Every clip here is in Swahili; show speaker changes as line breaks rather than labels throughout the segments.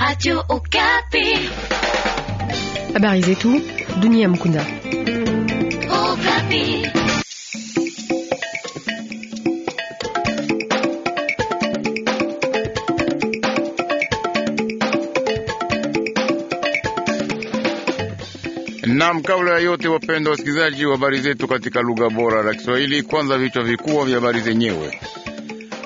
Radio Okapi.
Habari zetu dunia
Mkunda. Okapi. Naam, kabla ya yote, wapendwa wasikilizaji wa habari zetu katika lugha bora la Kiswahili, kwanza vichwa vikubwa vya habari zenyewe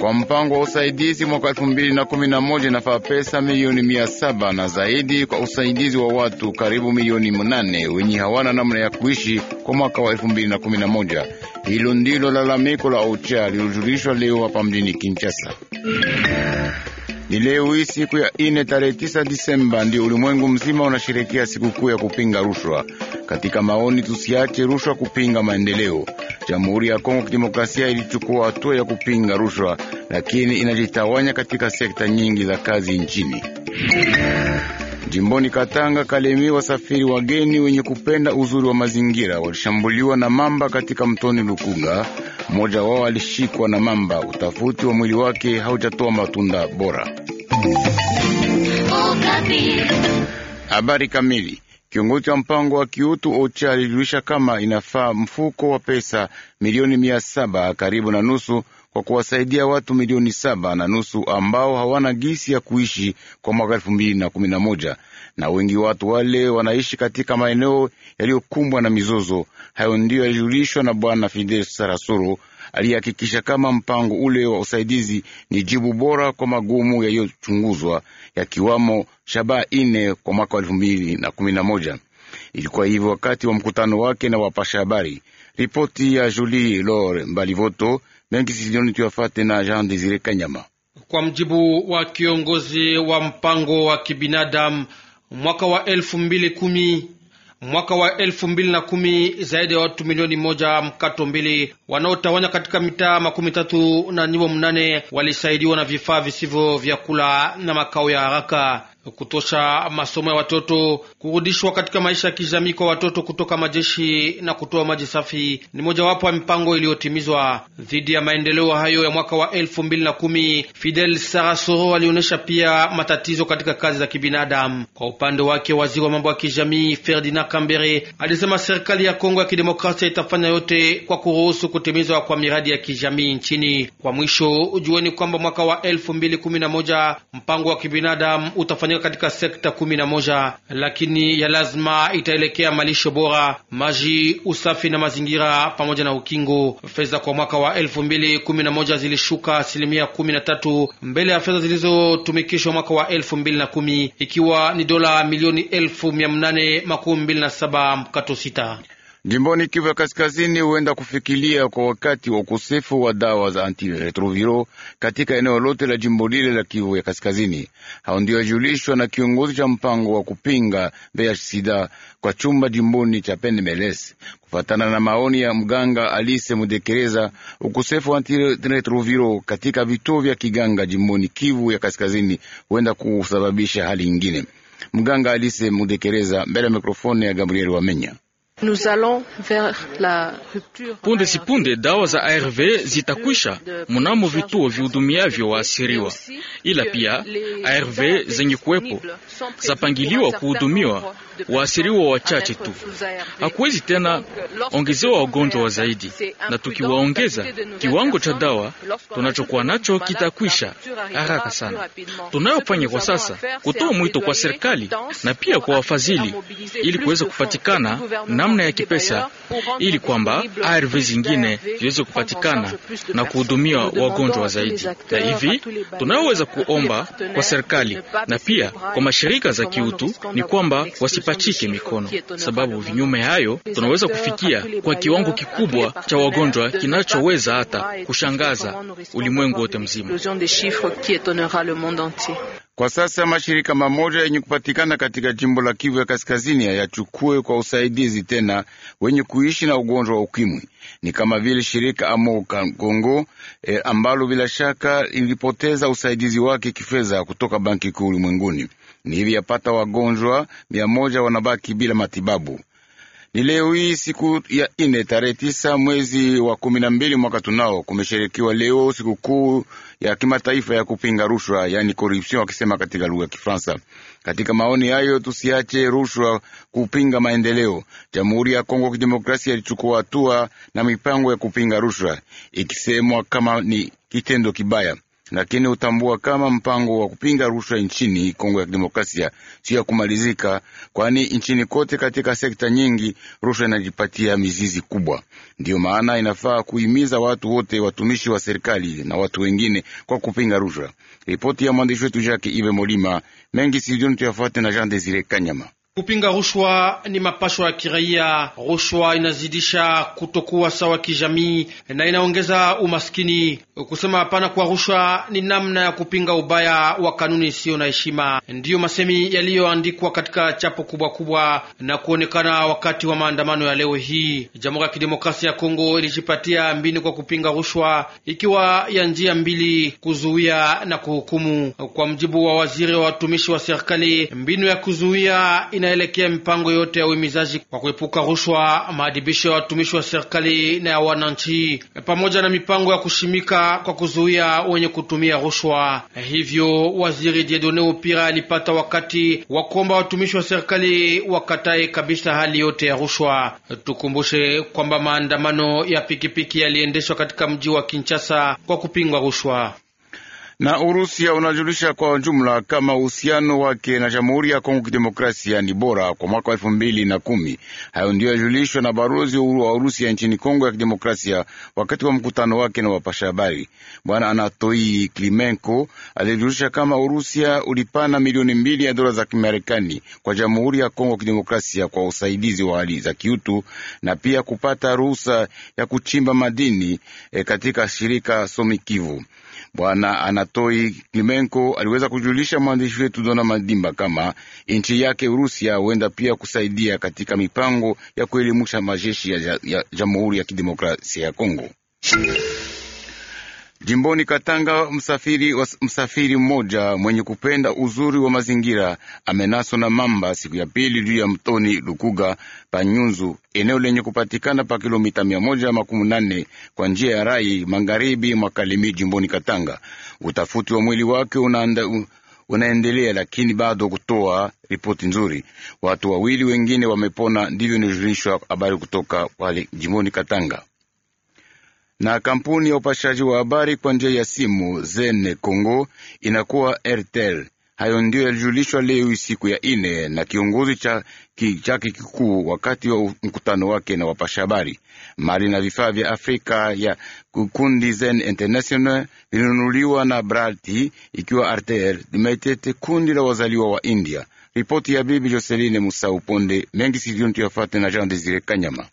kwa mpango wa usaidizi mwaka elfu mbili na kumi na moja inafaa pesa milioni mia saba na zaidi kwa usaidizi wa watu karibu milioni mnane wenye hawana namna ya kuishi kwa mwaka wa elfu mbili na kumi na moja. Hilo ndilo lalamiko la OCHA lilojulishwa leo hapa mjini Kinshasa. Ni leo hii siku ya ine tarehe tisa Disemba ndio ulimwengu mzima unasherekea sikukuu ya kupinga rushwa. Katika maoni, tusiache rushwa kupinga maendeleo. Jamhuri ya Kongo Kidemokrasia ilichukua hatua ya kupinga rushwa, lakini inajitawanya katika sekta nyingi za kazi nchini. Jimboni Katanga, Kalemi, wasafiri wageni wenye kupenda uzuri wa mazingira walishambuliwa na mamba katika mtoni Lukuga. Mmoja wao alishikwa na mamba, utafuti wa mwili wake haujatoa matunda bora. Oh, Habari kamili. Kiongozi wa mpango wa kiutu OCHA alijulisha kama inafaa mfuko wa pesa milioni mia saba karibu na nusu kwa kuwasaidia watu milioni saba na nusu ambao hawana gisi ya kuishi kwa mwaka elfu mbili na kumi na moja na wengi watu wale wanaishi katika maeneo yaliyokumbwa na mizozo. Hayo ndiyo yalijulishwa na Bwana Fidel Sarasuru aliyehakikisha kama mpango ule wa usaidizi ni jibu bora kwa magumu yaliyochunguzwa yakiwamo shabaha ine kwa mwaka wa elfu mbili na kumi na moja. Ilikuwa hivyo wakati wa mkutano wake na wapasha habari. Ripoti ya Julie Lor Mbalivoto mengi sizioni tuyafate na Jean Desire Kanyama.
Kwa mjibu wa kiongozi wa mpango wa kibinadamu mwaka wa elfu mbili kumi mwaka wa elfu mbili na kumi zaidi ya watu milioni moja mkato mbili wanaotawanya katika mitaa makumi tatu na nyimbo mnane walisaidiwa na vifaa visivyo vyakula na makao ya haraka kutosha masomo ya watoto, kurudishwa katika maisha ya kijamii kwa watoto kutoka majeshi na kutoa maji safi ni mojawapo ya mipango iliyotimizwa dhidi ya maendeleo hayo ya mwaka wa elfu mbili na kumi. Fidel Sarasoro alionyesha pia matatizo katika kazi za kibinadamu. Kwa upande wake, waziri wa mambo ya kijamii Ferdinand Kambere alisema serikali ya Kongo ya Kidemokrasia itafanya yote kwa kuruhusu kutimizwa kwa miradi ya kijamii nchini. Kwa mwisho, jueni kwamba mwaka wa elfu mbili kumi na moja mpango wa kibinadamu utafanya kufanyika katika sekta kumi na moja, lakini ya lazima itaelekea malisho bora, maji, usafi na mazingira pamoja na ukingo. Fedha kwa mwaka wa elfu mbili kumi na moja zilishuka asilimia kumi na tatu mbele ya fedha zilizotumikishwa mwaka wa elfu mbili na kumi ikiwa ni dola milioni elfu mia nane makumi mbili na saba mkato
sita. Jimboni Kivu ya Kaskazini huenda kufikilia kwa wakati wa ukosefu wa dawa za antiretroviro katika eneo lote la jimbo lile la Kivu ya Kaskazini. Hao ndio yajulishwa na kiongozi cha mpango wa kupinga VIH sida kwa chumba jimboni cha Pendemeles. Kufatana na maoni ya mganga Alise Mudekereza, ukosefu wa antiretroviro katika vituo vya kiganga jimboni Kivu ya Kaskazini huenda kusababisha hali nyingine Mganga Alise Mudekereza mbele ya mikrofoni ya Gabriel Wamenya.
Punde si punde dawa za ARV zitakwisha mnamo vituo vihudumiavyo waasiriwa, ila pia ARV zenye kuwepo zapangiliwa kuhudumiwa waasiriwa wachache tu. Hakuwezi tena ongezewa wagonjwa wa zaidi, na tukiwaongeza kiwango cha dawa tunachokuwa nacho kitakwisha haraka sana. Tunayofanya kwa sasa kutoa mwito kwa serikali na pia kwa wafadhili ili kuweza kupatikana na namna ya kipesa, ili kwamba ARV zingine ziweze kupatikana na kuhudumia wagonjwa zaidi, na hivi tunayoweza kuomba kwa serikali na pia kwa mashirika za kiutu ni kwamba wasipachike mikono, sababu vinyume hayo tunaweza kufikia kwa kiwango kikubwa cha wagonjwa kinachoweza hata kushangaza
ulimwengu wote mzima. Kwa sasa mashirika mamoja yenye kupatikana katika jimbo la Kivu ya Kaskazini hayachukue kwa usaidizi tena wenye kuishi na ugonjwa wa ukimwi, ni kama vile shirika Amoka Kongo e, ambalo bila shaka ilipoteza usaidizi wake kifedha kutoka Banki Kuu ulimwenguni. Ni hivi yapata wagonjwa mia moja wanabaki bila matibabu. Ni leo hii siku ya ine tarehe tisa mwezi wa kumi na mbili mwaka tunao, kumesherekiwa leo sikukuu ya kimataifa ya kupinga rushwa, yani corruption wakisema katika lugha ya Kifaransa. Katika maoni hayo, tusiache rushwa kupinga maendeleo. Jamhuri ya Kongo Kidemokrasia ilichukua hatua na mipango ya kupinga rushwa, ikisemwa kama ni kitendo kibaya lakini hutambua kama mpango wa kupinga rushwa nchini Kongo ya Kidemokrasia sio ya kumalizika, kwani nchini kote katika sekta nyingi rushwa inajipatia mizizi kubwa. Ndiyo maana inafaa kuhimiza watu wote, watumishi wa serikali na watu wengine, kwa kupinga rushwa. Ripoti ya mwandishi wetu Jacques Ive Molima mengi sidioni tuyafuate na Jean Desire Kanyama.
Kupinga rushwa ni mapasho ya kiraia. Rushwa inazidisha kutokuwa sawa kijamii na inaongeza umaskini. Kusema hapana kwa rushwa ni namna ya kupinga ubaya wa kanuni isiyo na heshima. Ndiyo masemi yaliyoandikwa katika chapo kubwa kubwa na kuonekana wakati wa maandamano ya leo hii. Jamhuri ya Kidemokrasia ya Kongo ilijipatia mbinu kwa kupinga rushwa, ikiwa ya njia mbili: kuzuia na kuhukumu. Kwa mjibu wa waziri wa watumishi wa serikali, mbinu ya kuzuia inaelekea mipango yote ya uhimizaji kwa kuepuka rushwa, maadibisho ya watumishi wa serikali na ya wananchi, pamoja na mipango ya kushimika kwa kuzuia wenye kutumia rushwa. Hivyo waziri Diedone Opira alipata wakati wa kuomba watumishi wa serikali wakatae kabisa hali yote ya rushwa. Tukumbushe kwamba maandamano ya pikipiki yaliendeshwa katika mji wa Kinshasa kwa kupingwa rushwa
na Urusia unajulisha kwa jumla kama uhusiano wake na Jamhuri ya Kongo Kidemokrasia ni bora kwa mwaka wa elfu mbili na kumi. Hayo ndiyo yajulishwa na balozi wa Urusia nchini Kongo ya Kidemokrasia wakati wa mkutano wake na wapasha habari. Bwana Anatoi Klimenko alijulisha kama Urusia ulipana milioni mbili ya dola za Kimarekani kwa Jamhuri ya Kongo Kidemokrasia kwa usaidizi wa hali za kiutu na pia kupata ruhusa ya kuchimba madini eh, katika shirika Somikivu. Bwana Anatoi Klimenko aliweza kujulisha mwandishi wetu Dona Madimba kama nchi yake Urusia huenda pia kusaidia katika mipango ya kuelimisha majeshi ya Jamhuri ya Kidemokrasia ya Kongo. Jimboni Katanga, msafiri, was, msafiri mmoja mwenye kupenda uzuri wa mazingira amenaswa na mamba siku ya pili juu ya mtoni Lukuga Panyunzu, eneo lenye kupatikana pa kilomita mia moja makumi nane kwa njia ya rai magharibi mwa Kalemi, jimboni Katanga. Utafuti wa mwili wake unaanda, un, unaendelea lakini bado kutoa ripoti nzuri. Watu wawili wengine wamepona, ndivyo inajulishwa habari kutoka wale jimboni Katanga na kampuni ya upashaji wa habari kwa njia ya simu Zene Congo inakuwa RTL. Hayo ndio yalijulishwa leo siku ya ine na kiongozi cha chake kikuu wakati wa mkutano wake na wapasha habari. Mali na vifaa vya Afrika ya kundi Zen International vilinunuliwa na Brati ikiwa RTL limeitete kundi la wazaliwa wa India. Ripoti ya bibi Joseline Musa mengi sijioni tuyafate na Jean Desire Kanyama.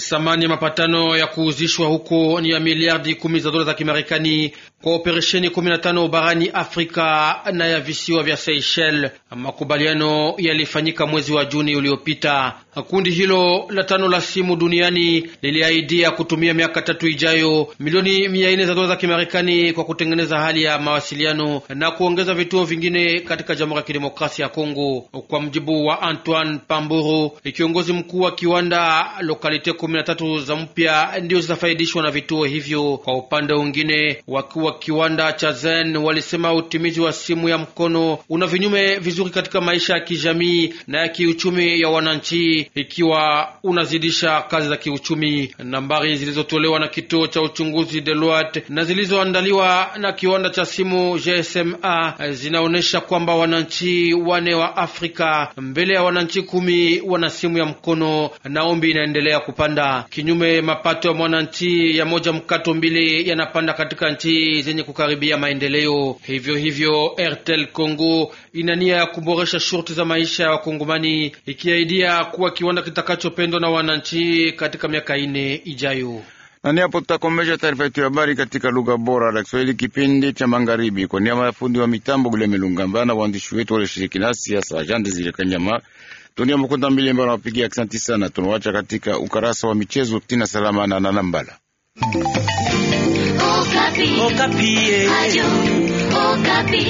Thamani ya mapatano ya kuuzishwa huko ni ya miliardi kumi za dola za Kimarekani operesheni 15 barani Afrika na ya visiwa vya Seychelles. Makubaliano yalifanyika mwezi wa Juni uliopita. Kundi hilo la tano la simu duniani liliahidia kutumia miaka tatu ijayo milioni mia nne za dola za Kimarekani kwa kutengeneza hali ya mawasiliano na kuongeza vituo vingine katika Jamhuri ya Kidemokrasia ya Kongo. Kwa mjibu wa Antoine Pamburu, kiongozi mkuu wa kiwanda, lokalite 13 za mpya ndio zitafaidishwa na vituo hivyo. Kwa upande mwingine wakiwa kiwanda cha Zen walisema utumizi wa simu ya mkono una vinyume vizuri katika maisha ya kijamii na ya kiuchumi ya wananchi, ikiwa unazidisha kazi za kiuchumi. Nambari zilizotolewa na kituo cha uchunguzi Deloitte na zilizoandaliwa na kiwanda cha simu GSMA zinaonyesha kwamba wananchi wane wa Afrika mbele ya wananchi kumi wana simu ya mkono, na ombi inaendelea kupanda. Kinyume, mapato ya mwananchi ya moja mkato mbili yanapanda katika nchi zenye kukaribia maendeleo. Hivyo hivyo, Airtel Congo ina nia ya kuboresha shurti za maisha ya Wakongomani, ikiaidia kuwa kiwanda kitakachopendwa na wananchi katika miaka ine ijayo.
Na ni hapo tutakomesha taarifa yetu ya habari katika lugha bora la Kiswahili, kipindi cha magharibi. Kwa niaba ya fundi wa mitambo Guleme Lungamba na waandishi wetu walioshiriki nasi hasa Jande Kanyama Tunia Mukunda Mbili ambao nawapigia asanti sana. Tunawacha katika ukarasa wa michezo Tina Salama na Nanambala. Mm.
Okapi. Okapi.